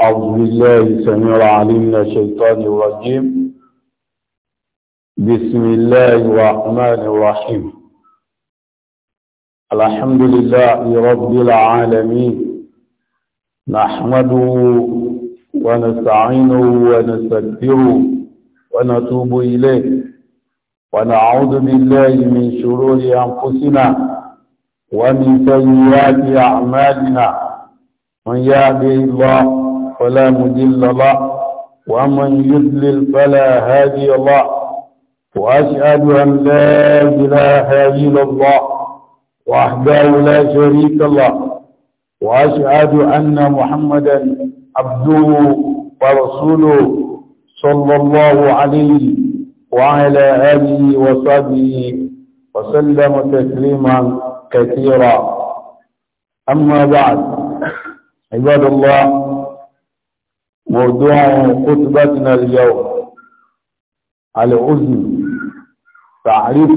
أعوذ الله السميع العليم من الشيطان الرجيم بسم الله الرحمن الرحيم الحمد لله رب العالمين نحمده ونستعينه ونستغفره ونتوب إليه ونعوذ بالله من شرور أنفسنا ومن سيئات أعمالنا من يهده الله فلا مدل له ومن يدلل فلا هادي له وأشهد أن لا إله إلا الله وحده لا شريك له وأشهد أن محمدا عبده ورسوله صلى الله عليه وعلى آله وصحبه وسلم تسليما كثيرا أما بعد عباد الله موضوع خطبتنا اليوم العزل تعريف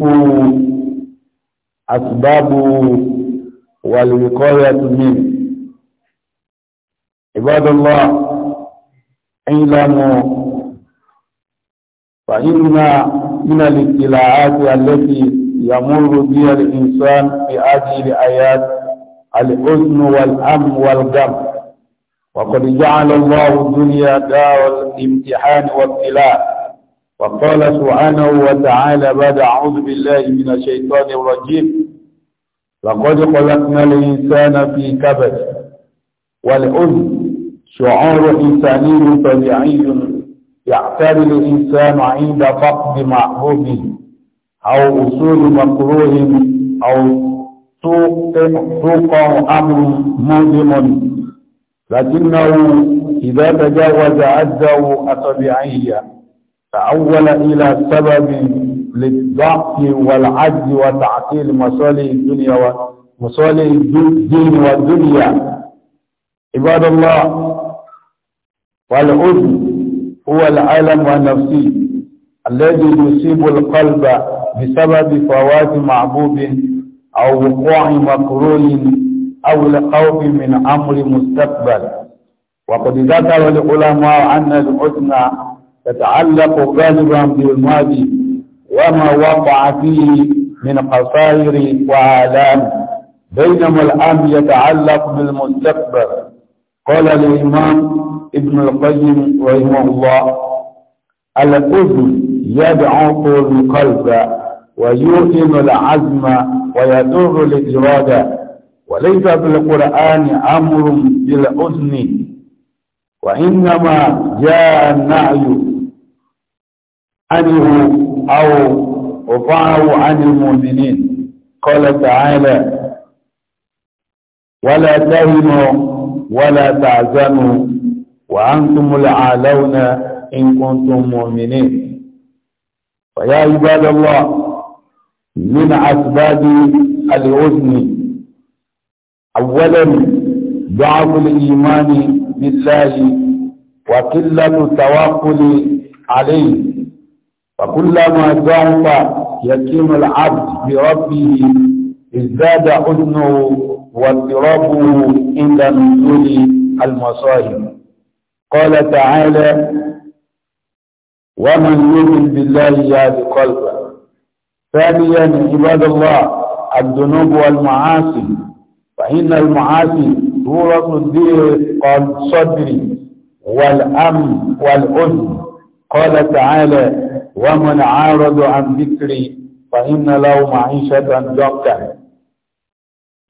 أسباب والوقاية منه عباد الله اعلموا فإن من الابتلاعات التي يمر بها الإنسان في هذه الآيات الحزن والأم والغم وقد جعل الله الدنيا دار الامتحان والابتلاء وقال سبحانه وتعالى بعد أعوذ بالله من الشيطان الرجيم لقد خلقنا الإنسان في كبد والأذن شعور إنساني طبيعي يعتري الإنسان عند فقد معهومه أو أصول مكروه أو سوق أمر مؤلم لكنه إذا تجاوز عده أصابعية تحول إلى سبب للضعف والعجز وتعطيل مصالح الدنيا ومصالح الدين والدنيا عباد الله والأذن هو العالم النفسي الذي يصيب القلب بسبب فوات معبود أو وقوع مكروه أو الخوف من أمر مستقبل وقد ذكر العلماء أن الحسنى تتعلق غالبا بالماضي وما وقع فيه من قصائر وآلام بينما الأمر يتعلق بالمستقبل قال الإمام ابن القيم رحمه الله الحزن يدعو القلب ويؤلم العزم ويدر الإرادة وليس في القرآن أمر بالأذن وإنما جاء النعي عنه أو رفعه عن المؤمنين قال تعالى ولا تهنوا ولا تعزموا وأنتم العالون إن كنتم مؤمنين فيا عباد الله من أسباب الأذن أولا ضعف الإيمان بالله وقلة التوكل عليه فكلما ضعف يقين العبد بربه ازداد حزنه واضطرابه عند نزول المصائب قال تعالى ومن يؤمن بالله يهد قلبه ثانيا عباد الله الذنوب والمعاصي فإن المعاصي صورة قد صدري والأمن والأذن قال تعالى ومن عارض عن ذكري فإن له معيشة ضنكا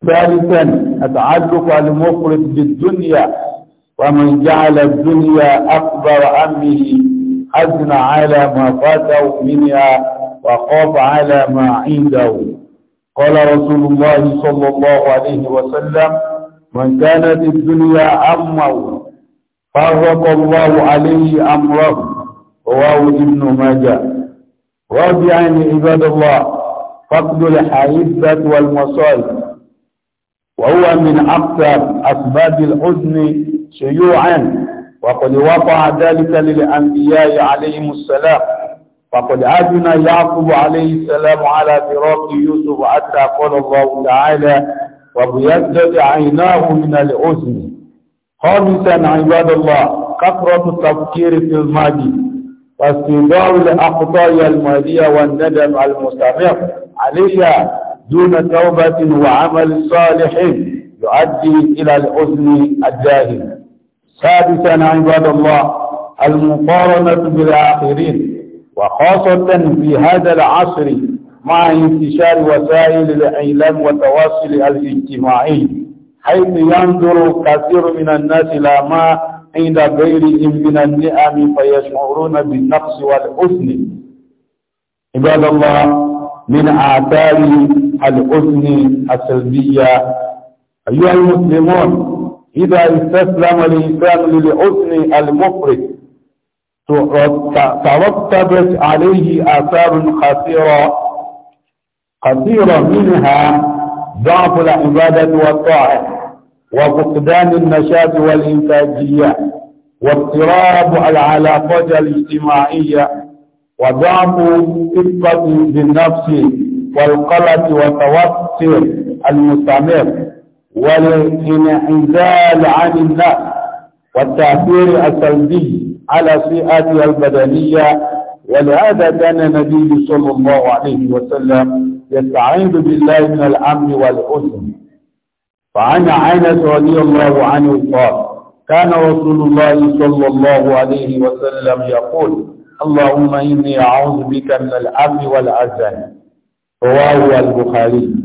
ثالثا التعلق المفرط بالدنيا ومن جعل الدنيا أكبر أمه حزن على ما فاته منها وخاف على ما عنده قال رسول الله صلى الله عليه وسلم من كانت الدنيا أمه فرق الله عليه أمره رواه ابن ماجه رابعا عباد الله فقد الحائبة والمصائب وهو من أكثر أسباب الحزن شيوعا وقد وقع ذلك للأنبياء عليهم السلام فقد عدنا يعقوب عليه السلام على فراق يوسف حتى قال الله تعالى وبيزد عيناه من الحزن خامسا عباد الله كثرة التفكير في الماضي واستنباع الأخطاء المالية والندم المستمر عليها دون توبة وعمل صالح يؤدي إلى الحزن الدائم سادسا عباد الله المقارنة بالآخرين وخاصة في هذا العصر مع انتشار وسائل الإعلام والتواصل الاجتماعي حيث ينظر كثير من الناس إلى ما عند غيرهم من النعم فيشعرون بالنقص والحزن عباد الله من آثار الحزن السلبية أيها المسلمون إذا استسلم الإنسان للحزن المفرط ترتبت عليه آثار خطيرة خطيرة منها ضعف العبادة والطاعة وفقدان النشاط والإنتاجية واضطراب العلاقات الاجتماعية وضعف ثقة بالنفس والقلق والتوتر المستمر والانعزال عن الناس والتأثير السلبي على فئاتها البدنية ولهذا كان النبي صلى الله عليه وسلم يستعيذ بالله من الأمن والحزن فعن عنس رضي الله عنه قال كان رسول الله صلى الله عليه وسلم يقول اللهم إني أعوذ بك من الأمن والحزن رواه البخاري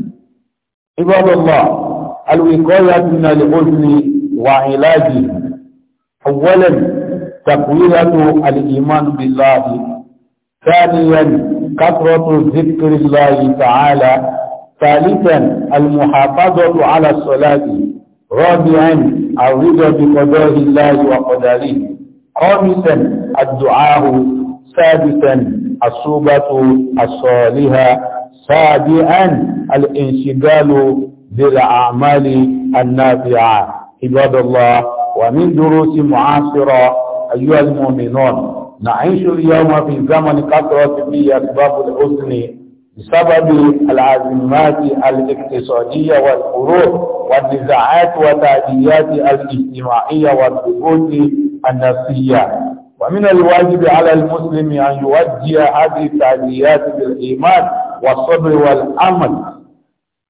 عباد الله الوقاية من الحزن وعلاجه أولا تقوية الإيمان بالله ثانيا كثرة ذكر الله تعالى ثالثا المحافظة على الصلاة رابعا الرضا بقضاء الله وقدره خامسا الدعاء سادسا الصوبة الصالحة سابعا الانشغال بالأعمال النافعة عباد الله ومن دروس معاصرة أيها المؤمنون نعيش اليوم في زمن كثرة فيه أسباب الحسن بسبب العزيمات الاقتصادية والحروب والنزاعات والتعديات الاجتماعية والضغوط النفسية ومن الواجب على المسلم أن يوجه هذه التعديات بالإيمان والصبر والأمل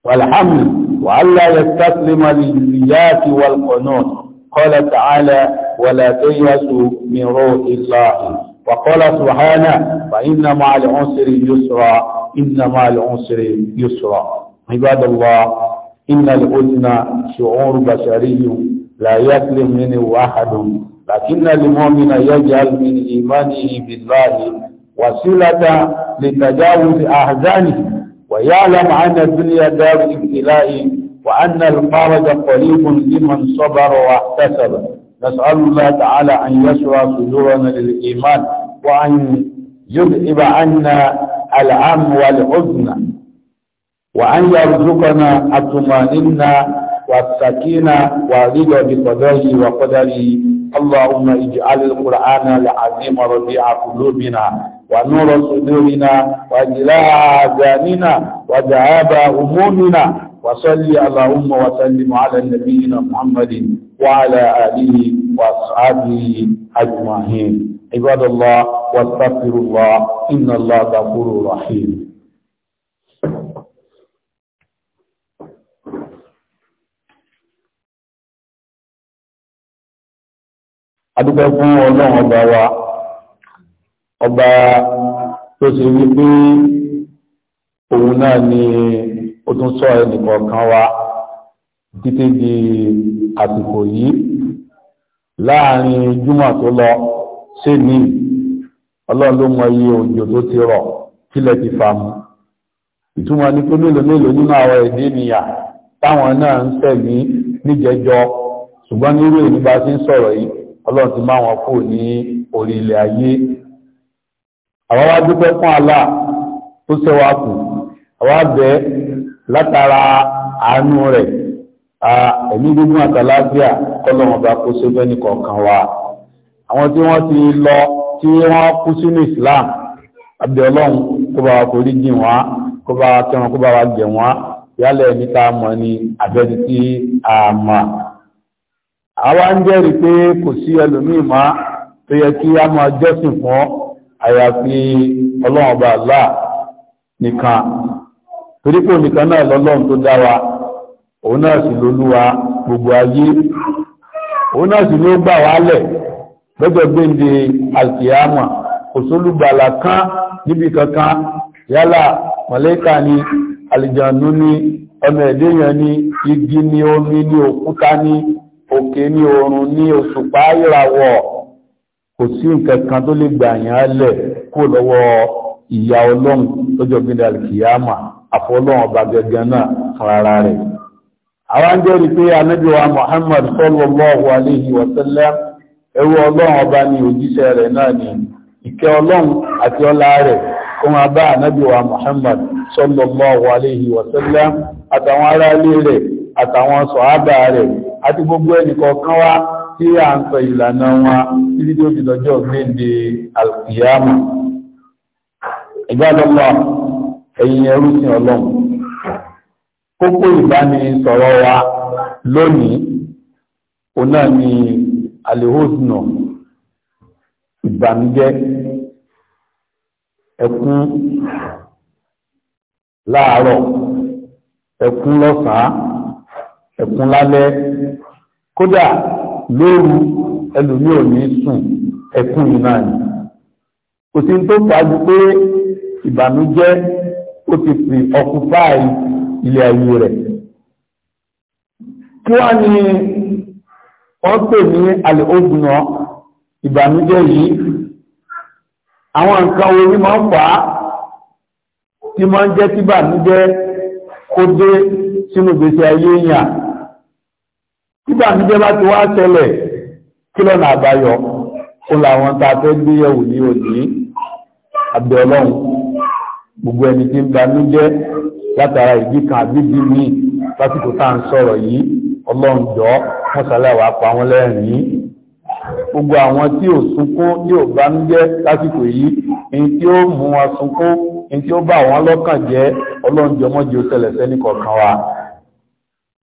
والحمل وألا يستسلم للنيات والقنوط قال تعالى ولا تيأسوا من روح الله وقال سبحانه فإن مع العسر يسرا إن مع العسر يسرا عباد الله إن الحزن شعور بشري لا يسلم منه أحد لكن المؤمن يجعل من إيمانه بالله وسيلة لتجاوز أحزانه ويعلم أن الدنيا دار ابتلاء وأن الفرج قريب لمن صبر واحتسب نسأل الله تعالى أن يشرع صدورنا للإيمان وأن يذهب عنا العم والحزن وأن يرزقنا الطمأنينة والسكينة والرضا بقدره وقدره اللهم اجعل القرآن العظيم ربيع قلوبنا ونور صدورنا وجلاء آذاننا وذهاب همومنا وصلي اللهم وسلم على نبينا محمد وعلى آله وصحبه أجمعين عباد الله واستغفر الله إن الله غفور رحيم adúgbẹ́ fún ọlọ́run ọba wa ọba tó ṣe wípé òun náà ni ó tún sọ ẹnìkọ̀ọ̀kan wa títí di àsìkò yìí láàrin júmọ̀ tó lọ ṣé ní ọlọ́run ló mọ iye òjò tó ti rọ̀ kílẹ̀ ti fa mu ìtumọ̀ ni pé mélòó mélòó nínú àwọn èdè nìyà táwọn náà ń tẹ̀mí níjẹjọ ṣùgbọ́n nírú èyí bá ti ń sọ̀rọ̀ yìí ọlọ́run ti máa wọn kò ní orí ilẹ̀ ayé àwọn wá dúpẹ́ fún Allah tó ṣẹ́wàá kù àwọn bẹ́ẹ̀ látara àánú rẹ̀ ẹ̀mí gígùn àtàlágbíà kọlọ̀mọ̀bá kó sójọ́ ní kọ̀ọ̀kan wa àwọn tí wọ́n ti lọ tí wọ́n kú sínú Islam abdọ́lọ́run kó bá wa forí jìn wá kó bá wa kẹwọn kó bá wa jẹ wá yálẹ̀ ní ká mọ̀ ní abẹ́ni tí a mọ̀ àwa ń jẹ́rìí pé kò sí ẹlòmíì má tó yẹ kí a máa jọ́sìn fún àyàfi ọlọ́run Allah nìkan torí nìkan náà lọ́lọ́run tó dá òun náà sì lolúwa gbogbo ayé òun náà sì ló gbà wá gbẹ́gbẹ́ gbéǹde alkiyama kò sólùgbàlà níbi kankan yálà mọ̀lẹ́kà ni àlìjànú ni ọmọ ẹ̀dẹ́yàn ni igi ni omi ni òkúta ni òkè ni oòrùn ni òṣùpá ìràwọ̀ kò sí nǹkan kan tó lè gbà yàn án lẹ̀ kó lọ́wọ́ ìyà ọlọ́run lọ́jọ́ gbéǹde alkiyama àfọlọ́wọ́n ọba gẹ́gẹ́ náà fúnra rẹ̀ àwọn ń jẹ́rìí pé anábì Muhammad sọlọ alayhi wa sallam ẹrú ọlọ́run ọba ni òjíṣẹ́ rẹ̀ náà ni ìkẹ́ ọlọ́run àti ọlá rẹ̀ kó bá anábì Muhammad alayhi àtàwọn ará ẹ̀yin ẹrú sí ọlọ́run kókó ìbánisọ̀rọ̀ wa lónìí òun náà ni alehosna ìbànújẹ́ ẹkún láàárọ̀ ẹkún lọ́sàn-án ẹkún lálẹ́ kódà lóru ẹlòmí ò ní sùn ẹkún yìí náà ni kò sí tó fàájú pé ìbànújẹ́ ó ti fi ọkùnfáì ilé ayé rẹ̀. Kí wá ni wọ́n pè ní alẹ́ọ̀gùnà ìbànújẹ́ yìí? Àwọn nǹkan orí máa ń fà á tí máa ń jẹ́ tí bànújẹ́ kó dé sínú gbèsè ayé èèyàn. Tí bànújẹ́ bá ti wá ṣẹlẹ̀ kí lọ́nà àbáyọ, kó làwọn tá fẹ́ gbéyẹ̀wò ní òní, àbẹ̀ ọlọ́run gbogbo ẹni tí ń banú jẹ́ látara ìdí kan àbíbí mi lásìkò tá à ń sọ̀rọ̀ yìí ọlọ́run jọ wọ́n ṣàlàyé pa wọ́n lẹ́rìn-ín gbogbo àwọn tí ò sunkún tí ò banú jẹ́ lásìkò yìí ní tí ó mú wọn sunkún ní tí ó bá wọn lọ́kàn jẹ́ ọlọ́run mọ́jì ó ṣẹlẹ̀ sẹ́ni kọ̀ọ̀kan wa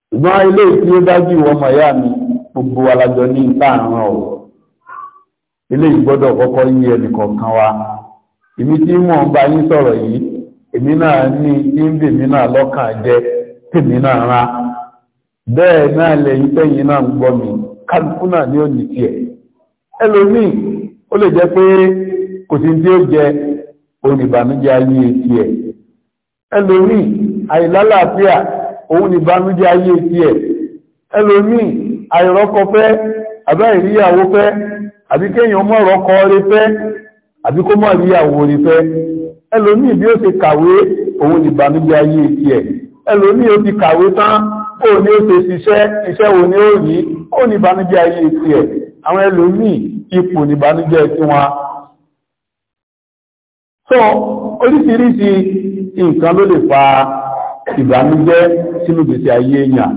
ṣùgbọ́n ilé tí ó dájú ìwọ̀n mọ̀yá mi gbogbo alájọ ní ìtààrán ọ̀ ilé ìgbọ́dọ̀ kọ́kọ́ yí ẹnìkọ̀ọ̀kan wa èmi tí mò ń bá yín sọ̀rọ̀ yìí èmi náà ní ìdí mi náà lọ́kàn jẹ́ tèmi náà rá bẹ́ẹ̀ náà lẹ́yìn tẹ́yìn náà ń gbọ́ mi kálukú náà ní òní tiẹ̀ ẹlòmíì ó lè jẹ́ pé kò sí tí ó jẹ oníbànújẹ́ ayé tiẹ̀ ẹlòmíì àìlálàáfíà òun níbànújẹ́ ayé tiẹ̀ ẹlòmíì àìrọ́kọ fẹ́ àbẹ́ ìríyàwó fẹ́ àbí kéèyàn mọ́ rọ́kọ rí fẹ́ àbí kó mọ́ ìríyàwó rí fẹ́ ẹlòmíì bí ó ṣe kàwé òun ìbànújẹ́ ayé ti ẹ̀ ẹlòmíì ó ti kàwé tán ó ní ó ṣe ṣiṣẹ́ iṣẹ́ wo ni ó rí ó ní ìbànújẹ́ ayé ti ẹ̀ àwọn ẹlòmíì ipò ní ìbànújẹ́ ti wọn so oríṣiríṣi nǹkan ló lè fa ìbànújẹ́ sínú gbèsè ayé èèyàn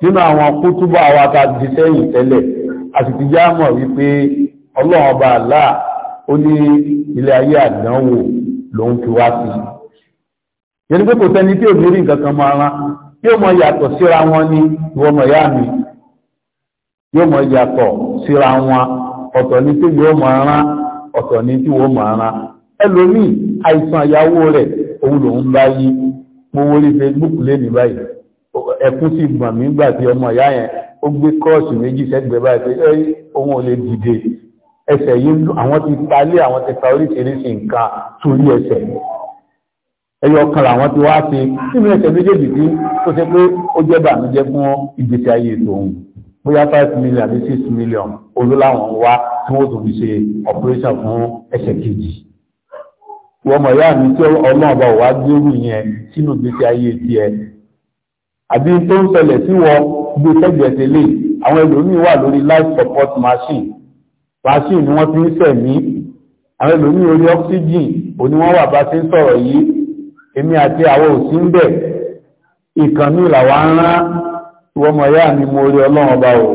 nínú àwọn kútúbọ̀ awata àtàdì sẹ́yìn tẹ́lẹ̀ àti ti já mọ̀ wípé ọlọ́run ọba àlá ó ní ilé ayé àdánwò lòun fi wá sí yẹni pé kò sẹ́ni tí ò ní rí nǹkan ara yóò mọ yàtọ̀ síra wọn ní ọmọ mi yóò mọ yàtọ̀ síra wọn ọ̀tọ̀ ni tí yóò mọ ara ọ̀tọ̀ ni tí wọ́n mọ ara ẹlòmíì àìsàn àyàwó rẹ̀ òun lòun bá yí mo Facebook lẹ́nu báyìí ẹkún sì gbọ̀n mí gbà ẹsẹ̀ yìí àwọn ti talé àwọn ti ta oríṣiríṣi nǹkan torí ẹsẹ̀ ẹyọ kan làwọn ti wá sí nínú ẹsẹ̀ méjèèjì tí tó ṣe pé ó jẹ́ bàmíjẹ́ fún ìgbésí ayé tòun bóyá five million àbí six million olú làwọn wá tí wọ́n tó fi ṣe operation fún ẹsẹ̀ kejì wọ́n mọ̀ ìyá mi tí ọlọ́run wà gbérù yẹn sínú ìgbésí ayé tiẹ̀ àbí tó ń ṣẹlẹ̀ sí wọ gbé sẹ́gbẹ̀ẹ́ tẹ́lẹ̀ àwọn ẹlòmíín wà lórí life support machine wàásù ni wọ́n fi ń sẹ̀mí àwọn ìlú ní orí oxygen òní wọ́n wà bá ti ń sọ̀rọ̀ yìí èmi àti àwọn òsí ń bẹ̀ ìkànnì làwa ń rán ìwọ́mọ̀ mo ọba o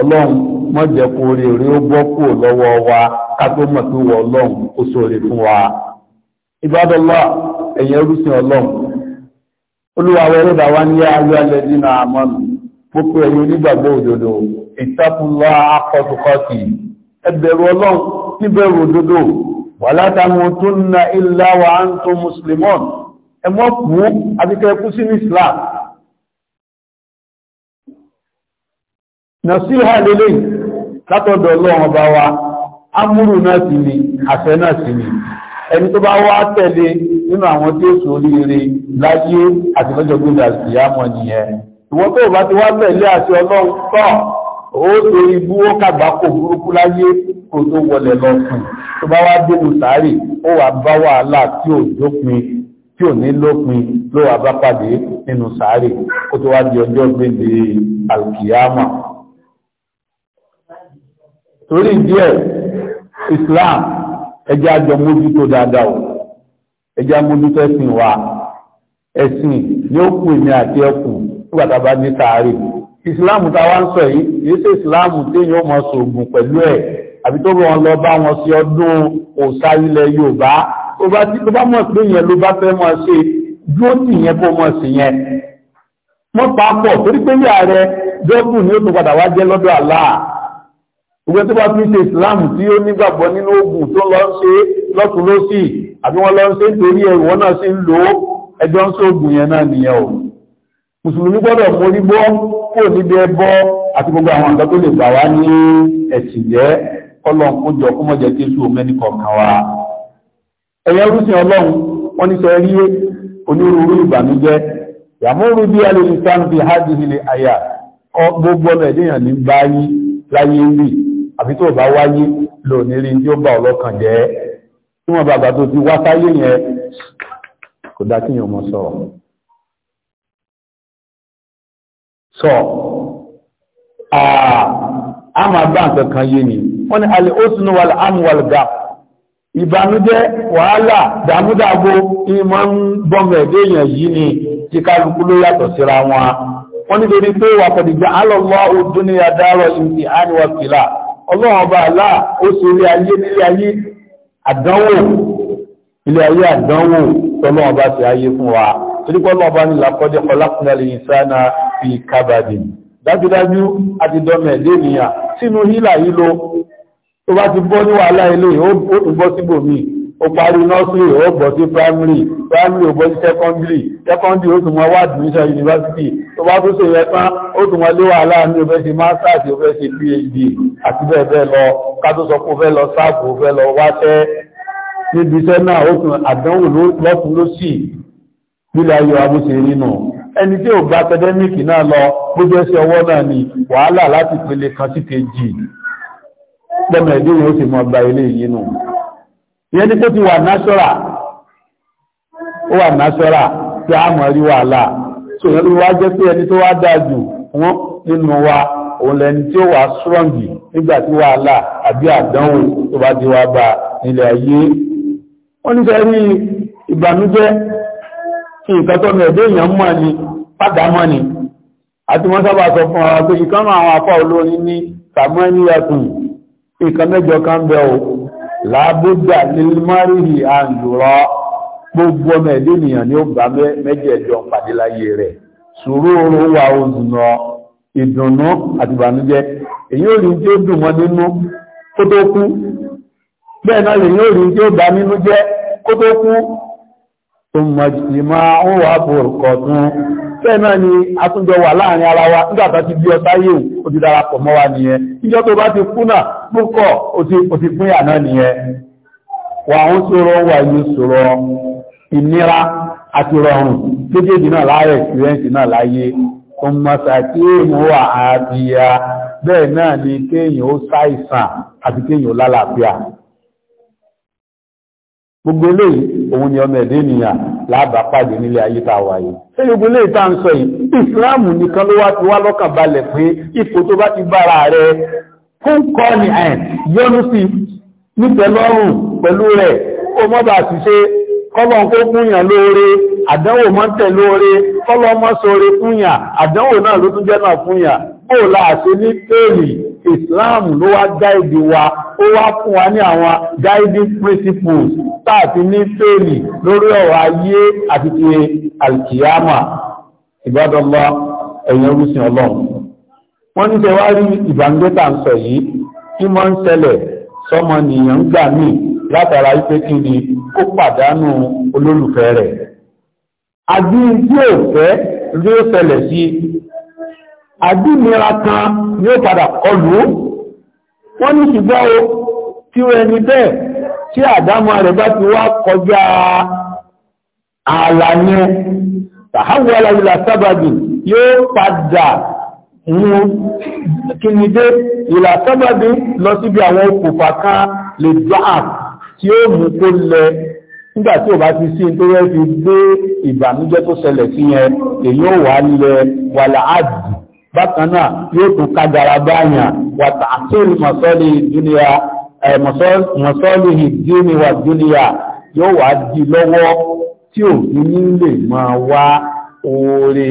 ọlọ́run mọ̀jẹ̀ kó rí ó bọ́ lọ́wọ́ wa mọ̀ pé wọ ọlọ́run ó fún wa ìbádọ́lá orúsìn ọlọ́run olúwa wẹ́rẹ́dà ìtàkùnlá akọ̀tùkọ̀tì ẹbẹ̀rù ọlọ́run níbẹ̀rù òdodo wà látàmùtúnnà illa wa antum muslimun ẹmọ́ kú àbíkẹ́ kú sí ní islam nàṣíhà lélẹ̀ látọ̀dọ̀ ọlọ́run ọba wa amúrù náà sì ni àṣẹ náà sì ni ẹni tó bá wá tẹ̀lé nínú àwọn tí ó sórí ire láyé àti lọ́jọ́ gbé ìdàsíyá mọ̀ nìyẹn ìwọ́n tó bá ti wá tẹ̀lé àti ọlọ́run tọ́ ó torí bú ó kàgbá kò burúkú láyé kò tó wọlé lọ sùn tó bá wá dénú sáré ó wà bá wàhálà tí ò dópin tí ò ní lópin ló wà bá pàdé nínú sáré kó tó wá di ọjọ́ gbèdé alkiyama torí díẹ̀ Islam ẹjẹ́ àjọ mójútó dáadáa o ẹjẹ́ àmójútó ẹ̀sìn wa ẹ̀sìn ni ó kù èmi àti ẹkù nígbàtà ìsìláàmù tá a wá ń sọ yìí yìí sí ìsìláàmù téèyàn mọ sòògùn pẹ̀lú ẹ̀ àbí tó bọ̀ wọn lọ bá wọn sí ọdún òòṣà ilẹ̀ Yorùbá tó bá tí tó bá mọ̀ pé yẹn ló bá fẹ́ mọ̀ ṣe dúró tì yẹn kó mọ̀ sí yẹn mọ́ papọ̀ torí pé ní ààrẹ jọ́gùn ni ó tún padà wá jẹ́ lọ́dọ̀ Allah ìwé tó bá fi ṣe ìsìláàmù tí ó nígbàgbọ́ nínú ogun tó lọ ń ṣe lọ́tún lọ́sì àbí wọ́n lọ ń ṣe nítorí ẹ̀rù wọn náà sì ń lò ẹjọ́ ń ṣe ogun yẹn náà nìyẹn o mùsùlùmí gbọ́dọ̀ forí gbọ́ kó níbi ẹbọ àti gbogbo àwọn nǹkan tó lè gbà wá ní ẹ̀sìn jẹ́ ọlọ́run kó jọ kó mọ̀ jẹ́ kéṣù mẹ́ni ẹ̀yẹ rúsìn ọlọ́run wọ́n ní sọ rí onírúurú ìbànújẹ́ bí àyà gbogbo ọmọ ní báyí láyé rí àfi tó bá wáyé lò tí ó bá ọlọ́kàn jẹ́ tí wọ́n ti wá sáyé yẹn kò dá sọ a máa bá nǹkan kan yé ni wọ́n ni alẹ́ òsùn wà láàmù wà lọ́gà ìbànújẹ́ wàhálà dàmúdàbò ìmọ̀ ń bọ́mọ̀ ẹ̀dẹ́ yìí ni tí kálukú ló yàtọ̀ síra wọn wọ́n nítorí pé wà pẹ̀lúgbà alọ́lọ́ ọdún ní adáàrọ̀ ìmì àríwá fìlà ọlọ́run ọba àlá ó sì rí ayé nílé ayé àdánwò ilé ayé àdánwò tọ́lọ́run ọba ti ayé fún wa torípọ́ ọlọ́run ọba làkọ́jẹ́ kọlákùnrin sáà fi kábàdì dájúdájú àtidọ́mẹ̀ lẹ́nìyàn sínú hílà yílo tó bá ti bọ́ ní wàhálà ilé ó bọ́ síbò míì ó parí nọ́sírì ó bọ̀ sí primary primary ó bọ́ sí secondary secondary ó tún mọ́ wá admission university tó bá tó ṣe yẹtán ó tún mọ́ lé wàhálà ní ó fẹ́ ṣe masters ó fẹ́ ṣe phd àti bẹ́ẹ̀ bẹ́ẹ̀ lọ ká tó sọ pé ó fẹ́ lọ sáàbù ó fẹ́ lọ wáṣẹ́ níbi iṣẹ́ náà ó tún àdánwò lọ́tún lọ́sì nílẹ̀ ayọ̀ abúṣe nínú ẹni tí ò gba akadẹ́míkì náà lọ gbogbo ẹsẹ̀ ọwọ́ náà ni wàhálà láti pele kan sí kejì pẹ̀mọ̀ ẹ̀dẹ́ yóò sì mọ gba ilé yìí nù ìyẹn ni tó ti wà náṣọ́rà ó wà náṣọ́rà tí a mọ̀ rí wàhálà tó yẹn wá jẹ́ pé ẹni tó wá dáa jù wọ́n nínú wa òun lẹni tí ó wà strọ́ngì nígbà tí wàhálà àbí àdánwò tó bá di wá bá nílẹ̀ ayé wọ́n ní sẹ́rí ìbànújẹ́ nǹkan tó mẹ̀ẹ́dẹ́ èèyàn mọ́ ni pàdámọ́ ni àti wọ́n sábà sọ fún ara pé ìkánà àwọn afá olórin ní sàmúẹ́niyàtùn nǹkan mẹ́jọ kan bẹ o làbúdà lílmárìhì àǹdùrọ̀ gbogbo ọmọ ẹ̀dẹ́ ènìyàn ni ó gbà mẹ́jẹ̀ẹ̀jọ pàdé láyé rẹ̀ sùúrù wà òzùnà ìdùnnú àti ìbànújẹ́ èyí ò rí tí ó dùn mọ́ nínú kó tó ọmọjìmá ń wà bòrùkọ̀ ni a tún jọ wà láàrin ara wa nígbàtà ti bí ọta yíò ó ti darapọ̀ mọ́ wa nìyẹn ìjọ tó bá ti kúnà púpọ̀ ó ti pín àná nìyẹn wà ń sọ̀rọ̀ wà ní sọ̀rọ̀ ìnira àti rọrùn méjèèjì náà láàrẹ̀ experience náà láyé ọmọsàkí èèmù gbogbo eléyìí òun ni ọmọ ẹ̀dẹ́ ènìyàn láàbà pàdé nílé ayé tá a wà yìí ṣé gbogbo eléyìí tá à ń sọ yìí ìsìláàmù nìkan ló wá ti wá lọ́kàn balẹ̀ pé ipò tó bá ti bára rẹ fún kọ́ ni ẹ̀ yọnu sí nítẹ́lọ́rùn pẹ̀lú rẹ̀ ó mọ́ bá ti ṣe kọ́lọ̀ kó fúnyàn lóore àdánwò mọ́ tẹ̀ lóore kọ́lọ̀ mọ́ sóore fúnyàn àdánwò náà ló tún jẹ́ náà fúnyàn bóòlà àṣẹ ní tẹ́ẹ̀lì ìsìláàmù ló wá dá èdè wa ó wá fún wa ní àwọn guiding principles táàfi ní fèèlì lórí ọ̀rọ̀ ayé àti ti alkiyama ìbádọ́lọ́ ẹ̀yìn orúsìn ọlọ́run wọ́n ní tẹwàá rí ìbànújẹ́ta ń sọ yìí kí mọ́ ń ṣẹlẹ̀ sọmọ nìyàn gbà mí látara ipé kí ni kó pàdánù olólùfẹ́ rẹ̀ àbí tí ò fẹ́ rí ó ṣẹlẹ̀ sí mìíràn kan ni ó padà kọlù wọ́n ní ṣùgbọ́n o tí ó ẹni bẹ́ẹ̀ tí àdámọ́ rẹ̀ bá ti wá kọjá ààlà yẹn tàháwù aláwìlà sábàbì yóò padà mú kínidé ìlà sábàbì lọ síbi àwọn òkùnfà kan lè dáàb tí ó mú kó lẹ nígbà tí ò bá ti sí tó fi gbé ìbànújẹ́ tó ṣẹlẹ̀ sí yẹn èyí ò wá lẹ wàlà bákan náà yóò tún kájára báyàn wàtà àṣírí mọ̀sọ́lì ìdúnìyà mọ̀sọ́lì ìdúnìyà dúnìyà yóò wá di lọ́wọ́ tí ò fi ní lè máa wá oore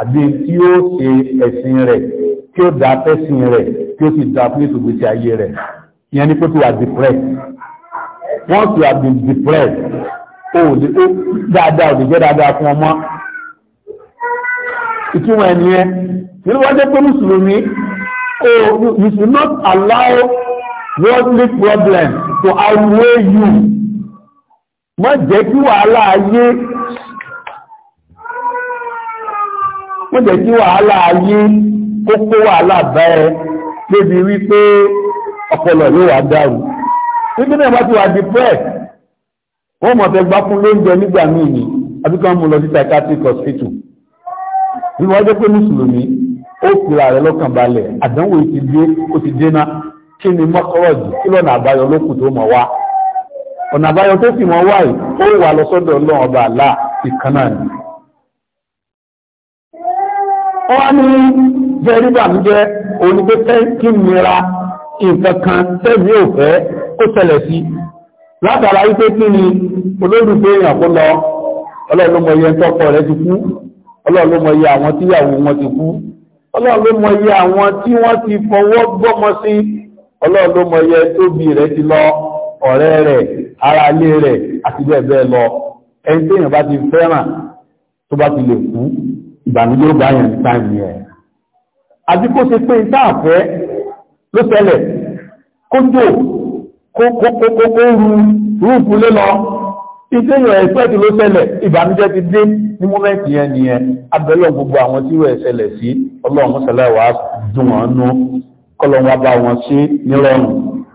àbí tí ó ṣe ẹ̀sìn rẹ̀ tí ó dá fẹ́sìn rẹ̀ tí ó sì dá fún ìtògbésí ayé rẹ̀ ìyẹn ni pé tí wà depressed once you have been depressed ó dáadáa ò lè jẹ́ dáadáa fún ọmọ ìtumọ̀ ẹni ẹ nínú wájẹ́ pé mùsùlùmí oh you should not allow worldly problems to outweigh you má jẹ́ kí wàhálà ayé má jẹ́ kí wàhálà ayé kó kó wàhálà bá ẹ débi wípé ọpọlọ yóò wá dàrú nígbà náà bá ti wà depressed wọ́n mọ̀ fẹ́ gbá fún lóúnjẹ nígbà míì ni àbíkan mú lọ sí psychiatric hospital bí wọ́n jẹ́ pé mùsùlùmí ó fìlà rẹ̀ lọ́kàn balẹ̀ àdánwò ti dé ó ti dénà kí ni mọ́kọ́rọ̀jù kí lọ́nà àbáyọ lókù tó mọ̀ wá ọ̀nà àbáyọ tó sì mọ̀ wá yìí ó wà lọ sọ́dọ̀ ọlọ́run ọba àlá ni. ó wá ní ń jẹ́ onígbẹ́fẹ́ kí nira nǹkan kan tẹ́bí kó tẹ̀lẹ̀ sí látara wípé kí ni èèyàn kó lọ ọlọ́run mọ̀ yẹn ọlọ́run ló mọ iye àwọn tíyàwó wọn ti kú ọlọ́run ló mọ iye àwọn tí wọ́n ti fọwọ́ gbọ́mọ sí ọlọ́run ló mọ iye tóbi rẹ̀ ti lọ ọ̀rẹ́ rẹ̀ ara ilé rẹ̀ àti bẹ́ẹ̀ bẹ́ẹ̀ lọ ẹni tí èèyàn bá ti fẹ́ràn tó bá ti lè kú ìbànújẹ́ ó bá yàn ní táìmì ẹ̀ àti kó ṣe pé ìtààfẹ́ ló ṣẹlẹ̀ kójò kókókókó rú rúùfù lé lọ ìṣe yẹn ẹ̀sẹ̀tì ló ṣẹlẹ̀ ìbànújẹ́ ti dé ní mọ́mẹ́ǹtì yẹn nìyẹn abẹ́lẹ̀ gbogbo àwọn tí wọ́n ṣẹlẹ̀ sí ọlọ́run ṣẹlẹ̀ wá dùn wọn nú kọlọ́n wá bá wọn ṣe nírọ̀rùn.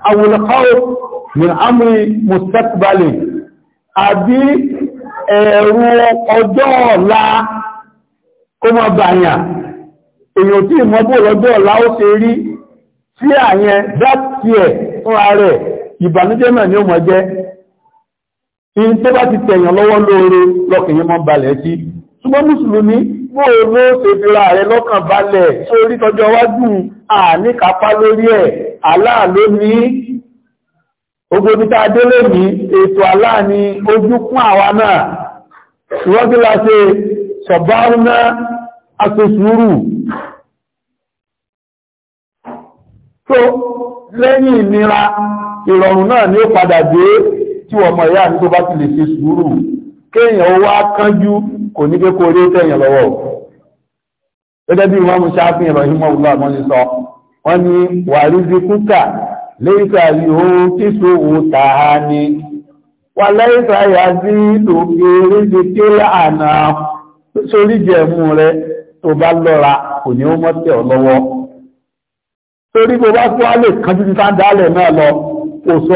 awolakawo min amri mustaqbali àbí ẹ̀rù ọjọ́ ọ̀la kó mọ́ bàyà èèyàn tí ìmọ́bò lọ́jọ́ ọ̀la ó ṣe rí sí àyẹn dátì ẹ̀ fúnra rẹ̀ ìbànújẹ́ náà ni ó mọ̀ jẹ́ in tó bá ti tẹ̀yàn lọ́wọ́ lóore lọ́kìnyàn mọ́ balẹ̀ sí ṣùgbọ́n mùsùlùmí gbóòrò ṣèfìlà rẹ̀ lọ́kàn balẹ̀ sórí tọjọ́ wájú àníkàpá lórí ẹ̀ aláàló ní ogbomita adélé ní ètò aláàní ojúkún àwa náà ìwọ́gílá ṣe sọ̀bárúná aṣòṣúrù tó lẹ́yìn ìnira ìrọ̀rùn náà ni ó padà dé tí ọmọ ìyá ní tó bá ti lè ṣe sùúrù kéèyàn ó wá kò ní kó rí tẹ̀yàn lọ́wọ́ gẹ́gẹ́ bí wọ́n mú ṣáfihàn lọ ìmọ̀ òwúlọ́ àmọ́ ní sọ wọ́n ní kúkà tí so òun tà á wà yà sí ké àná sórí jẹ̀mú rẹ tó bá lọ́ra kò ní ó ọ lọ́wọ́ bá kánjú ti sáńdálẹ̀ náà lọ kò sọ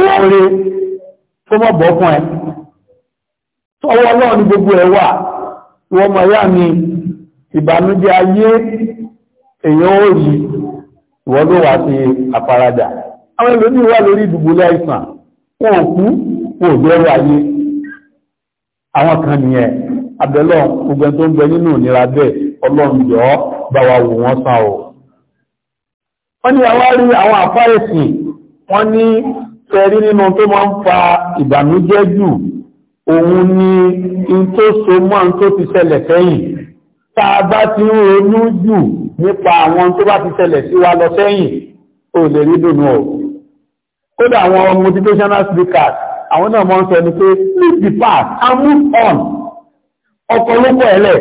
oore tó mọ́ fún ẹ tọ́wọ́ ọlọ́run ní gbogbo ẹ̀ wọ́n mọ̀ yá ni ìbànújẹ́ ayé èèyàn ó rí ìwọ́n ló wà sí àwọn wà lórí ìdùbúlẹ̀ àìsàn wọn ò kú wọn ò ayé àwọn kan nìyẹn abẹ́lọ́ nínú ìnira bẹ́ẹ̀ ọlọ́run wọ́n sàn wọ́n ní tẹ́rí nínú tó máa ń fa ìbànújẹ́ jù òun ni in tó so mọ́ in tó ti ṣẹlẹ̀ sẹ́yìn tá a bá ti ń ronú jù nípa àwọn tó bá ti ṣẹlẹ̀ sí wa lọ sẹ́yìn ò lè rí dùnú ọ̀ kódà àwọn motivational speakers àwọn náà mọ́ ń sọ ní pé leave the past and move on ọ̀pọ̀lọpọ̀ ẹ̀lẹ̀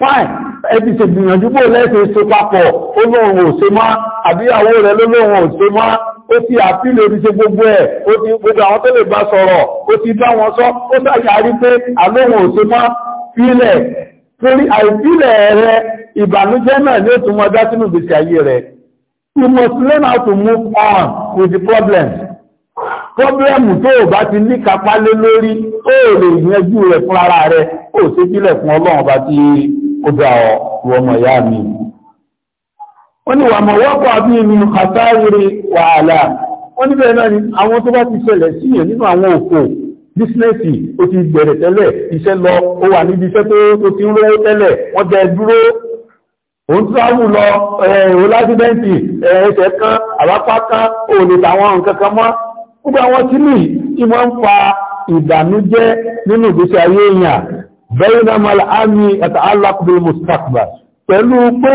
fine ẹbí ṣe gbìyànjú bó lẹ́sẹ̀ so papọ̀ ó lóun ò ṣe mọ́ àbíyàwó rẹ̀ ló lóun ò ṣe mọ́ ó ti àpílò orí ṣe gbogbo ẹ̀ ó ti gbogbo àwọn tó lè bá sọ̀rọ̀ ó ti bá wọn sọ ó sàyàrí pé àlóhun òṣè mọ́ fílẹ̀ torí àìfílẹ̀ rẹ ìbànújẹ́ náà ní òtún wọn sínú ìgbésí ayé rẹ you must learn how to move on with the problem problem tó o bá ti ní kápá lé lórí tó o lè yanjú rẹ fún ara rẹ ó ṣe fílẹ̀ fún ọlọ́run bá ti ó dá ọ wọ́n mọ̀ yá mi ó ní wà mọ̀wọ́pọ̀ àbí inú àtàwírí wàhálà ó ní náà ni àwọn tó bá ti ṣẹlẹ̀ sí yẹn nínú àwọn òkò bísínẹ́sì ó ti bẹ̀rẹ̀ tẹ́lẹ̀ iṣẹ́ lọ ó wà níbi iṣẹ́ tó ti ń rówó tẹ́lẹ̀ wọ́n jẹ dúró òun tíráwù lọ ẹ̀rọ lásìdẹ́ǹtì ẹ̀ẹ́sẹ̀ pẹ̀lú pé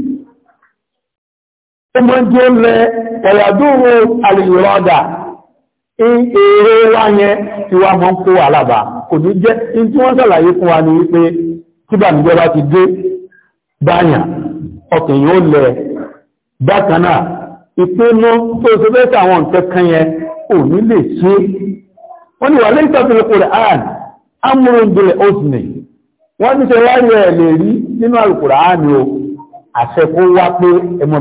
ọmọ tí ó lẹ ọ̀yàdúró alìyọ̀rọ̀dà èrè wá yẹn tí wá mọ́ kó àlàbà kò ní jẹ́ in tí wọ́n sàlàyé fún wa ní wípé tí bà níjọ́ bá ti dé báyà ọkàn yóò lẹ bákanáà ìpinnu tó ṣe fẹ́ sàwọn nǹkan yẹn ò ní lè ṣe wọ́n ni wà lẹ́yìn tọ́pìlẹ̀ àṣẹ kó wá pé ẹmọ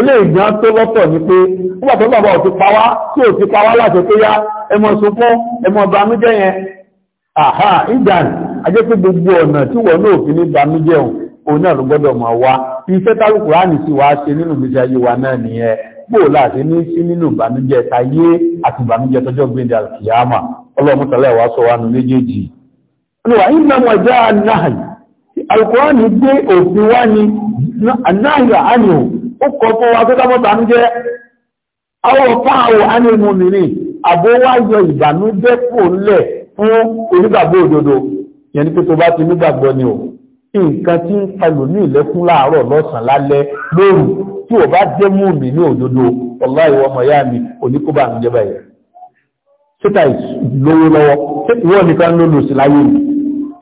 ilé ìgbà tó lọ́tọ̀ ní pé nígbà tó bàbá òtí pa wá tí ò ti pa wá láti pé yá ẹmọ sunkún ẹmọ banújẹ́ yẹn àhá ìgbàn ajé pé gbogbo ọ̀nà tí wọ́n náà fi ní banújẹ́ òun òun náà ló gbọ́dọ̀ máa wá iṣẹ́ tálùkù ránì sí wá ṣe nínú ìgbésí ayé wa náà nìyẹn bó láti ní sí nínú ìbànújẹ́ tayé àti ìbànújẹ́ tọjọ́ gbé òfin wá ní náà àníhù ó kọ́ fún wa pé kámọ́ta ń jẹ́ àwọn fáàwọ̀ ánìmù mìíràn àbó wá yọ ìbànújẹ́ kò lẹ̀ fún onígbàgbọ́ òdodo yẹn ni pé tó bá ti nígbàgbọ́ ni o nǹkan tí ń falò ní ìlẹ́kún láàárọ̀ lọ́sàn-án lálẹ́ lóru tí ò bá jẹ́ mú mi ní òdodo ọ̀lá ìwọ ọmọ ìyá mi oníkóbà ń jẹ́ báyìí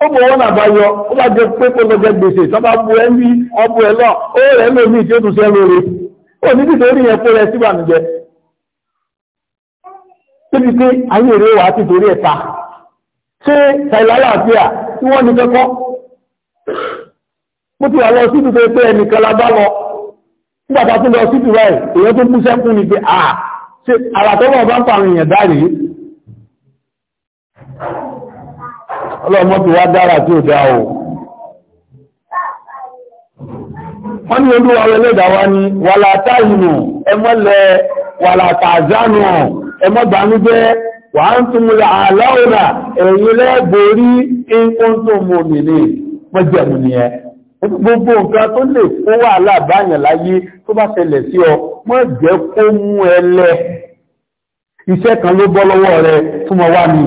ó bọ̀ wọ́n nàbá yọ ó bá jẹ pé kó lọ́jọ́ gbèsè tó bá bu ẹ́ ní ọbú ẹ lọ ó rẹ̀ lómi tí ó tún sẹ́ lóore ó ní títí orí yẹn kó rẹ sí ìbànújẹ́ níbi pé ayé èrè wà á ti torí ẹ̀ ta ṣé ṣàìláyà àti à tí wọ́n ní kẹ́kọ́ mo ti wà lọ sí ìdúró pé ẹnìkan la bá lọ nígbà tá a tún lọ sí ìdúró ẹ̀ èèyàn tó kú sẹ́kù ni pé à ṣe àràtọ́wọ́ bá ń pa àwọn èèyàn dá rèé ọlọ́mọ ti wá dára tí ó dá o wọ́n ní olúwa ẹlẹ́dàá wá ní wàlàtà ìnù ẹmọ́lẹ̀ wàlàtà àzánù ẹmọ́gbàmújẹ́ wà ń tún múlẹ̀ àláwòrà ẹ̀yìn lẹ́gbòrí ẹkùn tó mú òmìnì mọ́jẹ̀mù nìyẹn gbogbo nǹkan tó lè kó wà láàbáyàn láyé iṣẹ́ kan ló bọ́ lọ́wọ́ rẹ túnmọ̀ wá mi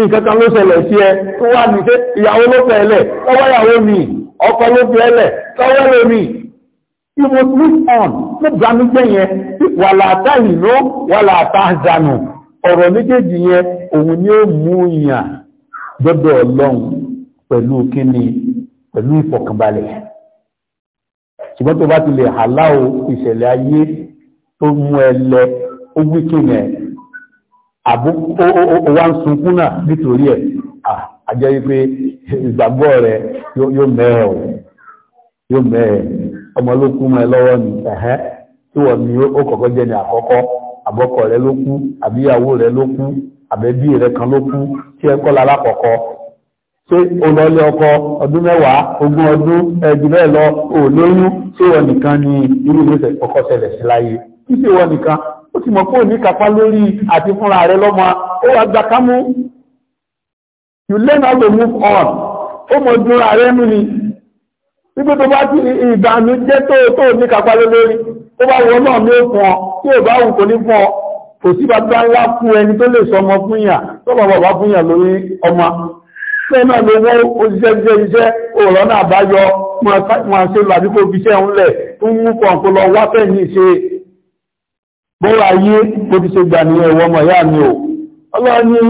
nǹkan kan ló ṣẹlẹ̀ sí ẹ tó wà ní pé ìyàwó ló fẹ́ ẹlẹ̀ tọ́wọ́ ìyàwó mi ọkọ ló fẹ́ ẹlẹ̀ tọ́wọ́ ló mi you must move on ló gbanú gbé yẹn wà láàtà ìlú wà láàtà àzànù ọ̀rọ̀ méjèèjì yẹn òun ni ó mú yàn gbọ́dọ̀ ọlọ́run pẹ̀lú kíni pẹ̀lú ìfọ̀kànbalẹ̀ ṣùgbọ́n tó bá ti lè hàlá o ìṣẹ̀lẹ̀ ayé tó mú ẹ lẹ ó wí kíni ẹ̀ àbú wá ń sunkún náà nítorí ẹ̀ àjẹ́ wípé ìgbàgbọ́ rẹ̀ yóò mẹ́ẹ̀ ò yóò ọmọ ló kú lọ́wọ́ ni ẹ̀hẹ́ tí wọ́n ni ó jẹ́ àkọ́kọ́ rẹ̀ ló kú àbíyàwó rẹ̀ ló kú àbẹ́bí rẹ̀ kan ló kú tí ẹ ọkọ ọdún mẹ́wàá ogún ọdún ẹ̀jù bẹ́ẹ̀ lọ òlóyún wọ́n nìkan ni irú kọ́kọ́ sí ó ti mọ̀ pé òní kàpá lórí àti fúnra rẹ̀ lọ́mọ ó wà gbà kámú you learn how to move on ó mọ̀ dúnra rẹ̀ mú ni wípé tó bá ti ìbànújẹ́ tó tó ní kàpá lórí tó bá wọ náà ní òkun ọ tí ò bá wù kò ní fún ọ kò sí bàbá ńlá fún ẹni tó lè sọmọ fún yà tó bàbá fún yà bóra ayé bó ti ṣe gbà ní ẹ̀wọ̀ ọmọ ìyá mi ò ọlọ́run ní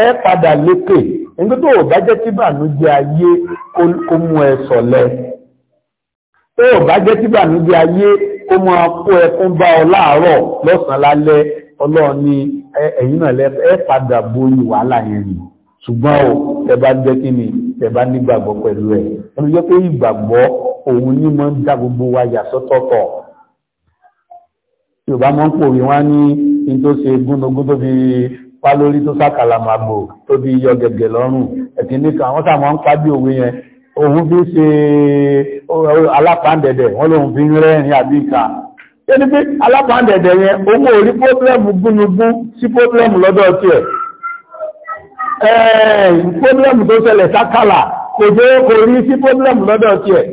ẹ padà lékè nígbà tó ò bá jẹ́ tí bànújẹ́ ayé kó mú ẹ sọ̀lẹ̀ tó ò bá jẹ́ tí bànújẹ́ ayé kó mú akó ẹkún bá ọ láàárọ̀ lọ́sàn-án lálẹ́ ọlọ́run ẹ̀yìn náà ẹ padà borí wàhálà yẹn nì ṣùgbọ́n o tẹ bá jẹ́ kí ni tẹ bá nígbàgbọ́ pẹ̀lú ẹ̀ ẹnu jẹ́ yorùbá mọ́ ń pòwé wọ́n ní ní tó ṣe gúndogún tó fi pa lórí tó sàkàlàmàgbò tó fi yọ gẹ̀gẹ̀ lọ́rùn ẹ̀kíní kan àwọn sàmọ́ ń kábí òwe yẹn òun fi ṣe alápàǹdẹ̀dẹ̀ wọ́n lòun fi ń rẹ́rìn àbí ìka yẹni pé alápàǹdẹ̀dẹ̀ yẹn owó orí pọ́blẹ́mù gúnugún sí pọ́blẹ́mù lọ́dọ̀ tiẹ̀ pọ́blẹ́mù tó ṣẹlẹ̀ sákàlà kò dé kò rí sí pọ́blẹ́mù lọ́dọ̀ tiẹ̀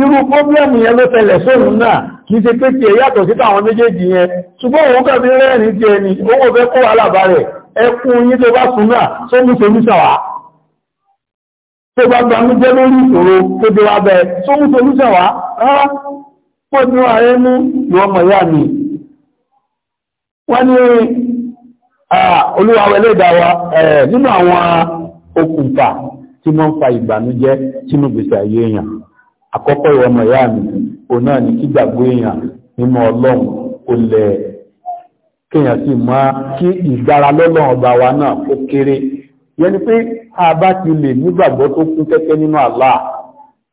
irú pọ́blẹ́mù yẹn ló ṣẹlẹ̀ sóhun náà kìí ṣe pé tí ẹ yàtọ̀ sí táwọn méjèèjì yẹn ṣùgbọ́n òun kàbí rẹ́rin tí ẹni owó fẹ́ kó alàbà rẹ̀ ẹkùn yí tó bá súnmà tó mú ṣe lúṣàwà tó bá gbanú jẹ́ lórí ìṣòro tó dé wá bẹ́ẹ̀ tó mú ṣe lúṣàwà rárá pọ̀ ní ààrẹ mú tí wọ́n ayé èèyàn ìwọ̀n mọ̀ yá mi òun náà ní kígbàgbọ́ èèyàn nínú ọlọ́run kò lẹ̀ kéèyàn sì máa kí ìgbára lọ́lọ́run ọba wa náà kó kéré yẹn ni pé a bá ti lè nígbàgbọ́ tó kún kẹ́kẹ́ nínú Allah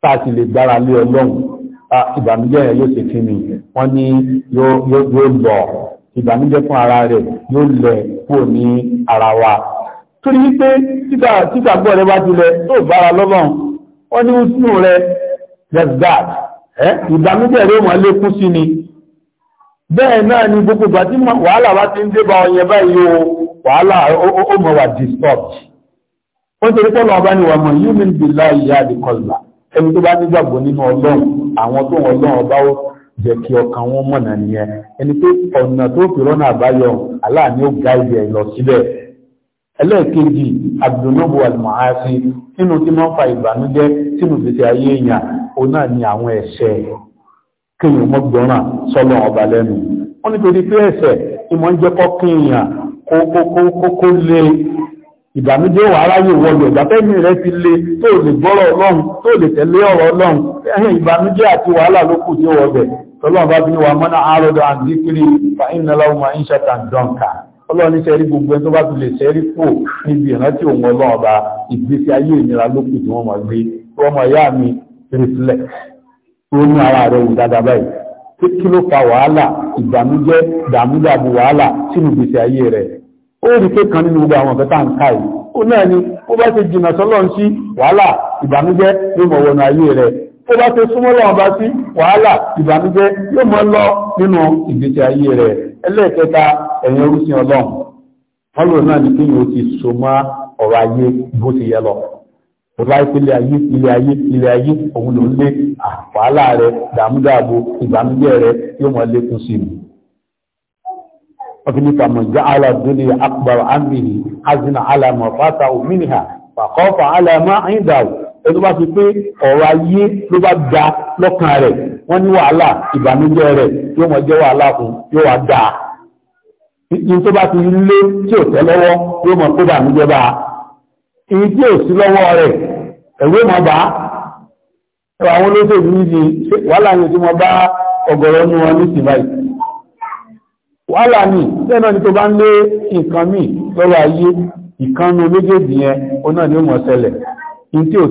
tá a sì lè gbára lé ọlọ́run ìbànújẹ́ yẹn yóò ṣe kí ni wọ́n ní yóò lọ ìbànújẹ́ fún ara rẹ̀ yóò lẹ̀ kúrò ní ara wa torí wípé títàgbọ́ rẹ bá ti lẹ̀ tó bára lọ́lọ́run wọ́n ní ó rẹ̀ just that ìbànújẹ́ rẹ̀ wọ́n lékún sí ni bẹ́ẹ̀ náà ni gbogbo ìgbà tí wàhálà wá ti ń dé bá ọyẹ báyìí o wàhálà ó wà disturbed wọ́n torí pọ́lọ̀ ọba ni wà mọ̀ yóò mi bì láì yá àdìkọlà ẹni tó bá nígbàgbọ́ nínú ọlọ́run àwọn tó wọn ọlọ́run ọba ó jẹ́ kí ọkàn wọn mọ̀nà nìyẹn ẹni pé ọ̀nà tó fi rọ́nà àbáyọ aláàní ó gáìdì ẹ̀ lọ síbẹ̀ ẹlẹ́ẹ̀kejì abdulnobu almahasi òun náà ni àwọn ẹ̀ṣẹ̀ kéèyàn mọ́gbọ́nràn sọ́lọ́ ọba lẹ́nu wọ́n ni pé ẹ̀ṣẹ̀ tí wọ́n ń jẹ́ kọ́ kéèyàn kókókókó lé ìbànújẹ́ wà ráyè wọlé rẹ̀ ti lé tó lè gbọ́rọ̀ ọlọ́run tó lè tẹ̀lé ọ̀rọ̀ ọlọ́run àti wàhálà ló kù tí ó bá bí wà mọ́nà gbogbo ẹni tó bá ti lè sẹ́rí ọba ìgbésí ayé ìnira ló kù tí wọ́n mọ̀ gbé reflect ronú ara rẹ̀ wò dáadáa báyìí kí ló fa wàhálà ìdàmújẹ́ dàmúdàbù wàhálà sínú ìgbésí ayé rẹ̀ ó rí pé kan nínú gbogbo àwọn ọ̀fẹ́ tá ń ká yìí ó náà ni ó bá ti jìnà sọ́lọ́ sí wàhálà ìbànújẹ́ ló mọ̀ wọnà ayé rẹ̀ ó bá ti súnmọ́ lọ́wọ́ ọba ìpínlẹ̀ ayé ilẹ̀ ayé ilẹ̀ ayé òun ló ń lé àfàálà rẹ dàmúdàbò ìbànújẹ́ rẹ yóò mọ̀ lékún sí mi. ọ̀fìnìkà mọ̀já aládùnlé akbar amini azina alamọ̀ fata ominiha fàkọ́fà alamọ̀ ayíndàwó ẹni bá ti pé ọ̀rọ̀ ayé ló bá ga lọ́kàn rẹ̀ wọ́n ní wàhálà ìbànújẹ́ rẹ̀ yóò mọ̀ jẹ́ wàhálà fún yóò wá dáa. ìyẹn tó bá ti lé tí ò tẹ́ lọ́wọ́ yóò mọ̀ kó dàmújẹ́ bá èyí tí ò sí lọ́wọ́ rẹ̀ ẹ̀wé mọ̀ bá ẹwà àwọn olóṣèlú ní ṣe wàhálà ní tí mo bá ọ̀gọ̀rọ̀ ní wọn ní tìbáì wàhálà ní tẹ́nà ní tó bá ń lé nǹkan míì lọ́rọ̀ ayé ìkanu méjèèjì yẹn ó náà ní ó mọ̀ ṣẹlẹ̀ in tí ò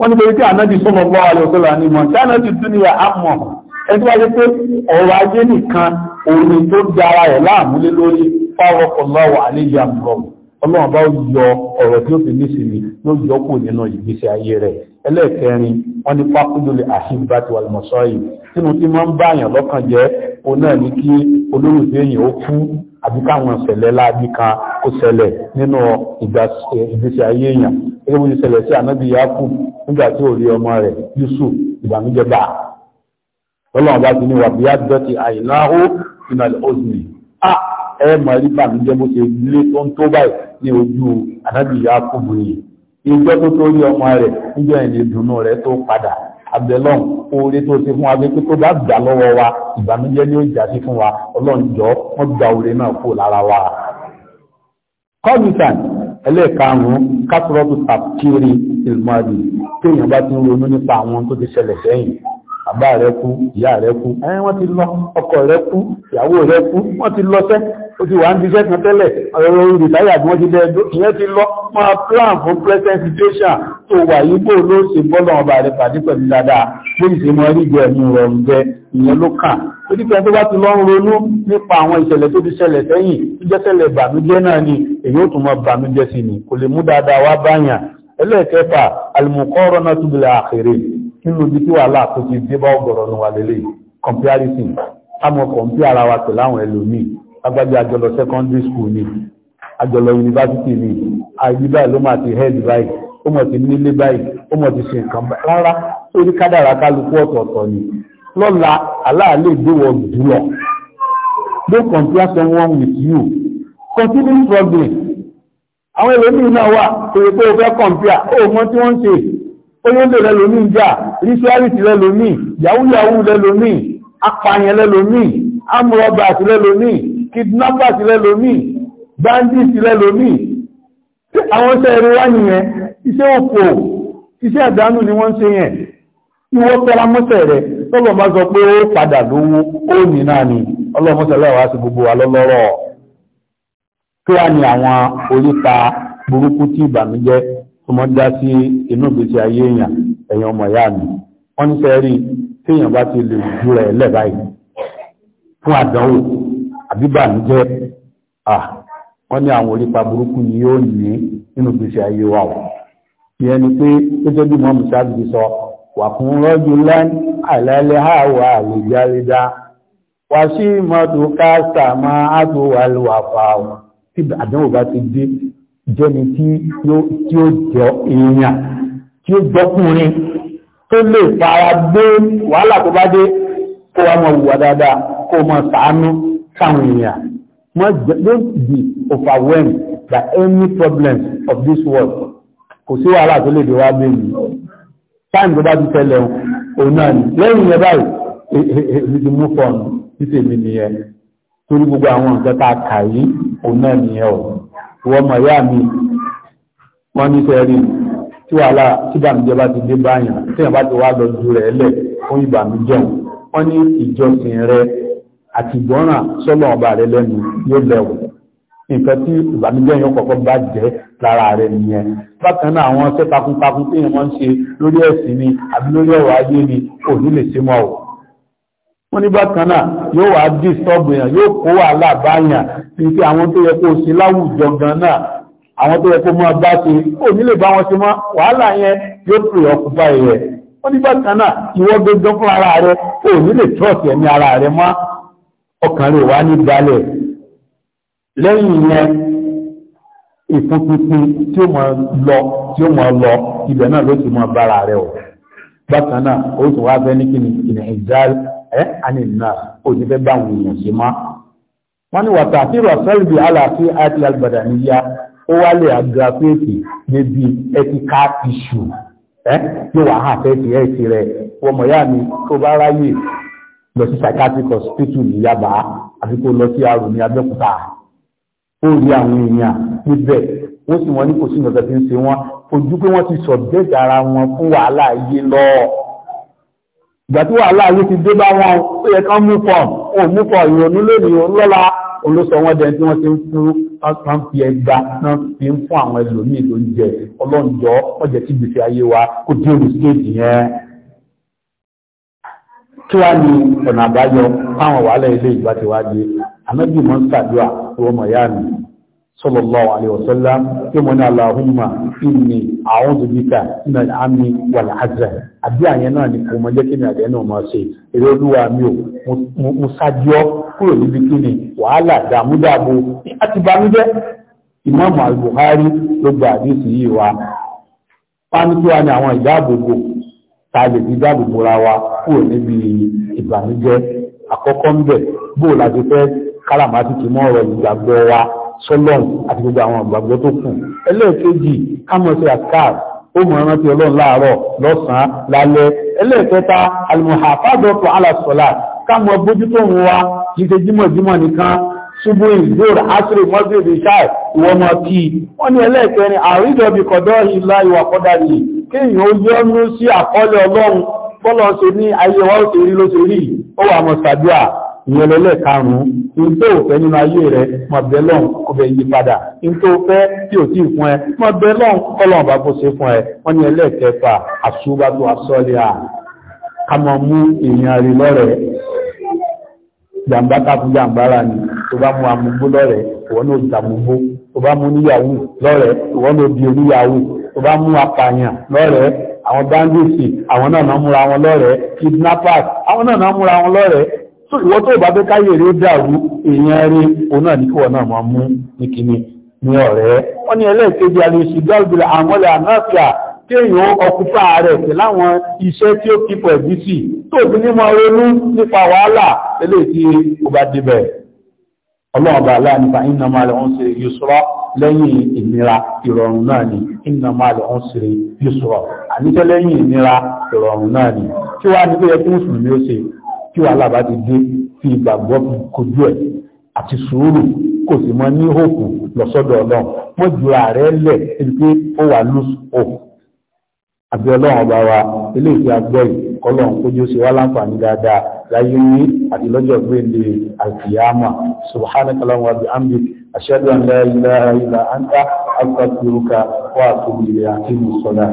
wọ́n nítorí tí ànábì sọ́mọ̀ bọ́ alẹ́sọ́là ní mọ̀ tí ànábì tún ní àmọ̀ ẹni tó wáyé pé ọ̀rọ̀ ajé nìkan òní tó dára ẹ̀ láàmúlé lórí fáwọ́kọ̀lọ́wọ̀ àlejò àmúrọ̀ ọlọ́run bá yọ ọ̀rọ̀ tí ó fi ní sinmi ló yọ kù nínú ìgbésí ayé rẹ̀ ẹlẹ́ẹ̀kẹrin wọ́n àbí káwọn ìṣẹ̀lẹ̀ láàbí kan kó ṣẹlẹ̀ nínú eh, ìgbésí ayé èèyàn gẹ́gẹ́ bó ti ṣẹlẹ̀ sí ànábì yaku nígbà tí ò rí ọmọ rẹ̀ yusuf ìbànújẹ́ bá lọ́lọ́wọ́n bá ti ní wà bíyá dọ́tí àìláhó ìmọ̀lẹ̀ òsìnì à ẹ mọ̀ rí bànújẹ́ bó ṣe lé tó ń tó báyìí ní ojú ànábì yaku bùnì ìjọ tó tó rí ọmọ rẹ̀ níjọ́ ìdùnnú rẹ̀ tó padà abẹ́lọ́n oore tó ṣe fún wa pé tó bá gbà lọ́wọ́ wa ìbànújẹ́ ni ó jà sí fún wa ọlọ́run jọ wọ́n gba oore náà kó lára wa. kọ́mìtàn ẹlẹ́ẹ̀karùn-ún tàbí kiri ìlmọ́ọ̀dì téèyàn bá ti ń ronú nípa àwọn tó ti ṣẹlẹ̀ sẹ́yìn bàbá rẹ kú ìyá rẹ kú ẹ̀yìn wọ́n ti lọ ọkọ rẹ kú ìyàwó rẹ kú wọ́n ti lọ sẹ́ ó ti wà ń bí sẹ́kàn tẹ́lẹ̀ ọ̀rọ̀ olùtáyà bí wọ́n ti lẹ́ ẹjọ́ ìyẹn ti lọ máa plan fún present situation tó wà yìí bó ló ṣe bọ́lọ̀ ọba rẹ pàdé pẹ̀lú dáadáa bó ìṣe mọ rígbẹ́ ẹ̀mí rọrùn jẹ ìyẹn ló kà ó ti pẹ́ tó bá ti lọ ń ronú nípa àwọn ìṣẹ̀lẹ̀ tó ti ṣẹlẹ̀ sẹ́yìn tó jẹ́ ṣẹlẹ̀ bàmíjẹ́ náà ni èyí ó tún mọ bàmíjẹ́ sí ni kò lè mú dáadáa wá báyàn ẹlẹ́ẹ̀kẹfà alìmọ̀kọ́rọ̀ náà túbìlà àkèrè nínú ibi tí wàhálà tó ti dé bá ọ̀gọ̀rọ̀ nu wà lélẹ̀ comparison àmọ́ kọ̀ǹpí ara wa pẹ̀lú àwọn ẹlòmíì agbájá àjọlọ secondary school ni àjọlọ yunifásitì ni àìbí báyìí ló máa ti head báyìí ó mọ̀ ti nílé báyìí ó mọ̀ ti ṣe nǹkan báyìí rárá sórí kádàrá kálukú ọ̀tọ̀ọ̀tọ̀ ni lọ́la aláàlè gbéwọ̀ dùlọ̀ don't compare someone with you continue struggling àwọn ẹlòmíì náà wà pé pé o fẹ́ compare ó mọ tí wọ́n ń ṣe olóńdè rẹ lomi ń jà ríṣíárìtì lomi, lómi yàwúyàwú rẹ lomi, apààyàn rẹ lómi amúrọ̀bàtì rẹ lómi kidnappers rẹ lómi bandits rẹ lómi àwọn iṣẹ́ eré wá nìyẹn iṣẹ́ iṣẹ́ àdánù ni wọ́n ń ṣe yẹn ìwọ tọ́ra rẹ tọ́lọ̀ bá sọ pé ó padà lówó ó ní náà ni gbogbo wa lọ́lọ́rọ̀ kí wá àwọn tó mọ́ dá sí inú ìgbésí ayé èèyàn ẹ̀yàn ọmọ ìyá mi wọ́n ní sẹ́rí téèyàn bá ti lè ju rẹ̀ lẹ̀ báyìí fún àdánwò àbíbànújẹ́ à wọ́n ní àwọn orípa burúkú ni yóò ní nínú ìgbésí ayé wa o ìyẹn ni pé gẹ́gẹ́ bí mọ́mù sáàbì sọ wà fún rọ́jú lẹ́n àìlẹ́lẹ́ àwọ̀ àlèjárídá wà sí mọ́tò káàsà máa àtò wà lùwà wọn tí àdánwò bá ti dé jẹ́ni tí ó jọ èèyàn tí ó jọkùnrin tó lè fara gbé wàhálà tó bá dé kó wá mọ̀ wùwà dáadáa kó mọ̀ ṣàánú sáwọn èèyàn mọ́ don't be overwhelmed by any problems of this world kò sí wàhálà tó lè dé wá gbé yìí time tó bá ti tẹ́lẹ̀ òun náà ni lẹ́yìn yẹn báyìí èmi ti mú fọ́ọ̀nù títèmi nìyẹn torí gbogbo àwọn nǹkan tá a kà yìí òun náà nìyẹn o ìwọ́n mọ̀ ìyá mi wọ́n ní sẹ́rí tí wàhálà tí ìbànújẹ́ bá ti dé báyàn tí ìyàn bá ti wá lọ ju rẹ̀ lẹ̀ fún ìbànújẹ́ wọ́n ní ìjọsìn rẹ̀ àti ìgbọ́ràn sọ́lọ̀ ọba rẹ̀ lẹ́nu yóò lẹ́wù nǹkan tí ìbànújẹ́ yẹn kọ̀kọ́ bá jẹ́ lára rẹ̀ nìyẹn bákan náà àwọn ṣẹ́ takuntakun tí èèyàn ń ṣe lórí ẹ̀sìn ni àbí lórí ọ̀rọ̀ ayé ni òní lè ṣe mọ́ ọ̀ wọ́n ní bákan náà yóò wá disturb èèyàn yóò kó wàhálà báyàn tí pé àwọn tó yẹ kó ṣe láwùjọ gan àwọn tó yẹ kó máa bá ṣe ò nílè bá wọn ṣe mọ́ wàhálà yẹn tí ó máa lọ tí ó máa lọ ibẹ̀ náà ló ti máa bára rẹ̀ ọ̀ bákan ó sì wá fẹ́ ní kíni ìnà ìjáàlì ẹ́ àníná òṣìṣẹ́ bá àwọn èèyàn ṣe má wọ́n ní wàtà sí rọ̀sẹ́lìbì aláàfin àti àgbàdà níyà ó wá lè àgbàfẹ́ẹ̀tì débi ẹtíká iṣu ẹ́ ní wàhálà fẹ́ẹ̀tì ẹ̀ ti rẹ̀ ọmọ ìyá mi tó bá ráyè lọ sí psychiatric hospital ní Yaba àfi kó lọ sí àrùn ní Abẹ́òkúta ó rí àwọn èèyàn níbẹ̀ wọ́n sì wọ́n ní kò sí ìgbàgbẹ́ tí ń ṣe wọ́n ojú pé wọ́n ti sọ̀bẹ́ẹ̀dì ara wọn fún wàhálà ayé lọ́ọ́ ìgbà ala wà láàyè ti dé bá wọn ó yẹ kán mú fọ́ọ̀m ó mú fọ́ọ̀m ìrònú lónìí lọ́la wọn tí wọ́n ti ń fún kan fi ẹgbà náà fi ń fún àwọn ẹlòmíì ló jẹ ọlọ́njọ́ ọjẹ́ tí gbèsè ayé wa kó dé olùsíkèjì yẹn kí wá ní ọ̀nà àbáyọ fáwọn wàhálà ilé صلى الله عليه وسلم كما اللهم إني أعوذ بك من العم والعزة àbí àyẹn náà ni kò mọ jẹ́ kí ni àyẹn náà máa ṣe èrè olúwa mi ò mo ṣáájọ́ kúrò níbi kí ni wàhálà dàmúdàbò àti bàmújẹ́ ìmáàmù al-Bukhari ló gba àdéhùn yìí wa pánító wa ni àwọn ìdáàbòbò ta lè fi dáàbòbò ra wa kúrò níbi ìbànújẹ́ àkọ́kọ́ ń bẹ bó láti fẹ́ káràmásìkì mọ́ ọ̀rọ̀ ìgbàgbọ́ wa sọlọ́n àti gbogbo àwọn àgbàgbọ́ tó kù ẹlẹ́ẹ̀kejì kámọ̀ sí àkàr ó mọ̀ rántí ọlọ́run láàárọ̀ lọ́sàn-án lálẹ́ ẹlẹ́ẹ̀kẹta almuhafadatu ala salat kámọ̀ bójútó ń wa jíjẹ jímọ̀jímọ̀ nìkan ṣubú ìgbòrò asiri mọ́sílẹ̀ ìṣáì ìwọ̀mọ̀ kí wọ́n ní ẹlẹ́ẹ̀kẹrin àríjọbi kọ̀dọ̀ ìlà ìwà kọ́dàrí kéèyàn ó yọ́nú sí àkọọ́lẹ̀ ọlọ́run bọ́lọ̀ ṣe ní ayé wa ìyẹn lẹ́lẹ́ karùn-ún in tó fẹ́ nínú ayé rẹ̀ mọ̀ bẹ́ lọ́n ọbẹ̀ yí padà in tó fẹ́ tí ò tí fún ẹ mọ̀ bẹ́ lọ́n kọ́lọ̀ bá bó ṣe fún ẹ wọ́n ní ẹlẹ́ẹ̀kẹfà àṣúbátó asọ́lẹ̀ à kàmọ̀ mú èèyàn rí lọ́rẹ̀ jàǹbá tàbí jàǹbá rà ní tó bá mú amúgbó lọ́rẹ̀ ìwọ́n ní òjàmúgbó tó bá àwọn bandits àwọn náà náà múra wọn lọ́rẹ̀ kidnappers àwọn náà náà múra wọn lọ́rẹ̀ so ìwọ́n tó bá fẹ́ káyè rí ó dàrú èèyàn rí òun náà náà máa mú ní kíní ní ọ̀rẹ́ wọ́n ní ẹlẹ́ẹ̀kejì àlèṣì àmọ́lẹ̀ ànáfíà tí èèyàn ọkùpá rẹ̀ pẹ̀ láwọn iṣẹ́ tí ó kípọ̀ ẹ̀bí sí tó bí ní máa ronú nípa wàhálà tẹ́lẹ̀ ó bá débẹ̀ ọlọ́ọ̀bà aláànípa ìnàmà ń ṣe lẹ́yìn ìnira ìrọ̀rùn náà ni ń ṣe tí wàhálà bá ti dé fi ìgbàgbọ́ kojú ẹ̀ àti sùúrù kò sì mọ ní òkú lọ́sọ́dọ̀ ọlọ́run mọ́ ju ààrẹ lẹ̀ ẹni pé ó wà lóṣù òkú àbí ọlọ́run ọba wa eléyìí agbọ́ yìí kọ́lọ́run kójú sí wá láǹfààní dáadáa láyé ní àti lọ́jọ́ gbélé àlùkìyàmà subhanaka allahumma wa bihamdik ashhadu an la ilaha illa anta astaghfiruka wa atubu ilayk àti mùsọ̀lá.